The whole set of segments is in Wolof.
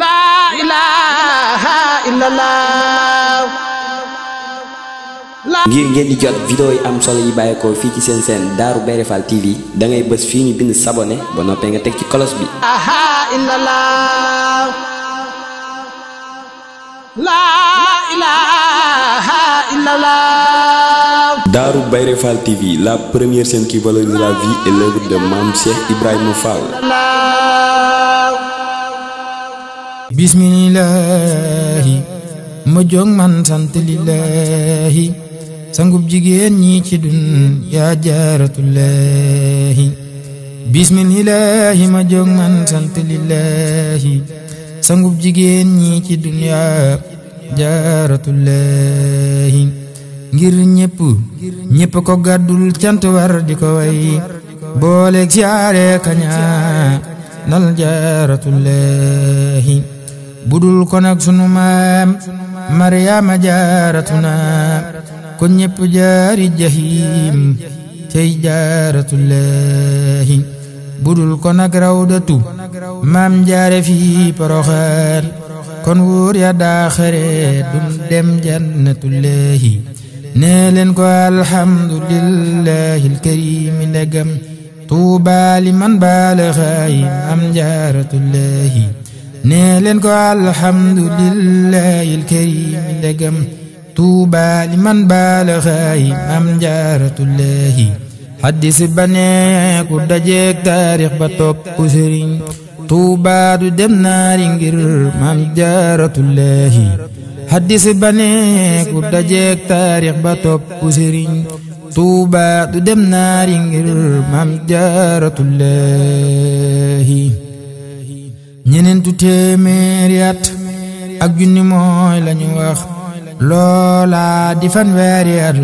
laa ilaaha ngir ngeen di jot vidéo yi am solo yi bàyyeekoo fii ci seen seen Darou Bairé Fall TV da bës fii ñu bind sabonné ba noppee nga teg ci kolos bi. Darou Bairé Fall TV la première chaîne qui valorise vie et l'œuvre de Mame Cheikh Ibrahima Fall. bismillaahi ma jóg man sant lillaahi sangub jigéen ñi ci dun yaa jaaratullaahi bismillaahi ma jóg man sant lillaahi sangub jigéen ñi ci dun yaa jaaratullaahi ngir ñépp ñépp ko gàddul cant war di ko way booleeg siyaare kaña nal jaaratullaahi budul ko nag sunu maam maryaama jaaratuna ko ñépp jaari jahim tey jaaratullahi budul ko nag rawdatu maam jaare fi poroxaan kon wóor ya daaxare dun dem jannatullahi nee leen ko alhamdulillahi alkarimi ndegam tuubaali man baalaxaayim am jaaratullahi نالن الحمد لله الكريم دقم توبى لمن بالغاي ام جارة الله حدس بني كدجيك تاريخ بطب كسرين توبا دو دمنار انجر مم جارة الله حدس بني كدجيك تاريخ بطب كسرين توبا دو دمنار انجر مم جارة الله ñeneentu téeméeri at ak junni mooy lañu wax loola di fanweeri at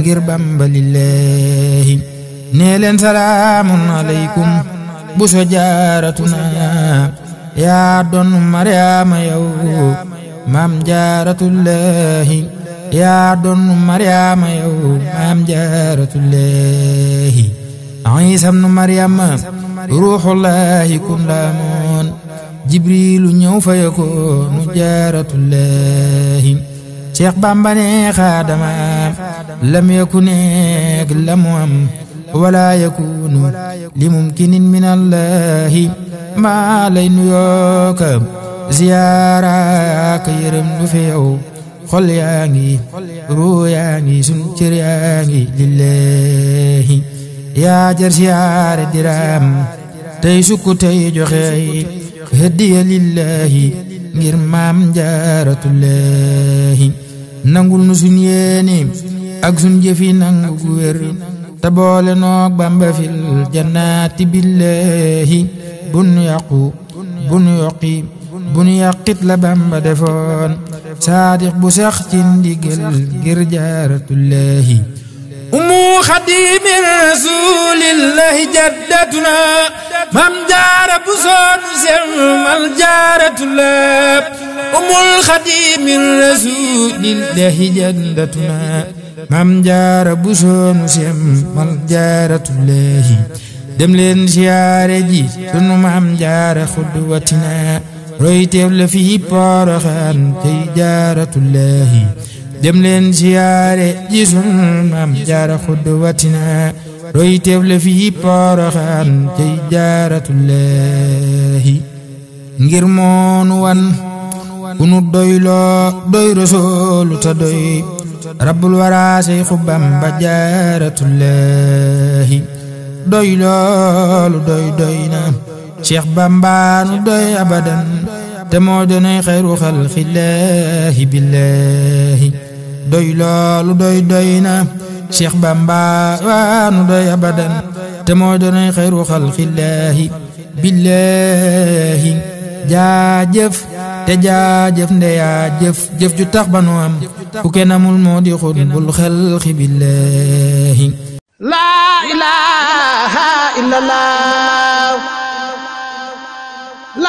ngir Bamba lillaahi nee leen salaamun aleykum bu so jaaratuna yaa doon Mariama yow maam jaaratullaahi yaa doon Mariama yow maam jaaratullaahi Iisa ibnu Mariama ruuxullaahi kun laamu جبريل نيو فيكون جارة الله شيخ بامباني خادم لم يكن لمهم ولا يكون لممكن من الله ما لين يوك زيارة كيرم نفيو خل ياني رو ياني سنتر ياني لله يا جرسيار درام تي سكو خير hëddiya lillaahi ngir maam jaaratullaahi nangul nu suñ yéene ak suñ jëfi nangu gu wér te boole noog bamba fil jannaati billaahi bu nu yàqu bu nu yoqi bu nu yàqit la bamba defoon saadiq bu sax ci ndigal ngir jaaratullaahi umu xadimi lillaahi jaddatuna mam jaara bu soonu selmal jaaratu laab umul xadiimi rasuulillaahi jaddatuna mam jaara bu soonu selmal jaaratu laahi dem leen siyaare ji sunu mam jaara xudwatina royteef la fi Porokhane tey jaaratu laahi dem leen siyaare ji sunu mam jaara xudwatina رويتف لفي بارخان تجارة الله نجرمون وان كنو الدويلة دوي رسول تدوي رب الورا سيخ بمبجارة الله دويلة لدوي دوينا شيخ بمبان دوي أبدا تموجني خير خلق الله بالله دويلة لدوي دوينا شيخ بامبا وانو ابدا تمودن خير خلق الله بالله جا جف تجا جف نيا جف جف جو تخبانو ام وكنا مول مودي خون بول خلق بالله لا اله الا الله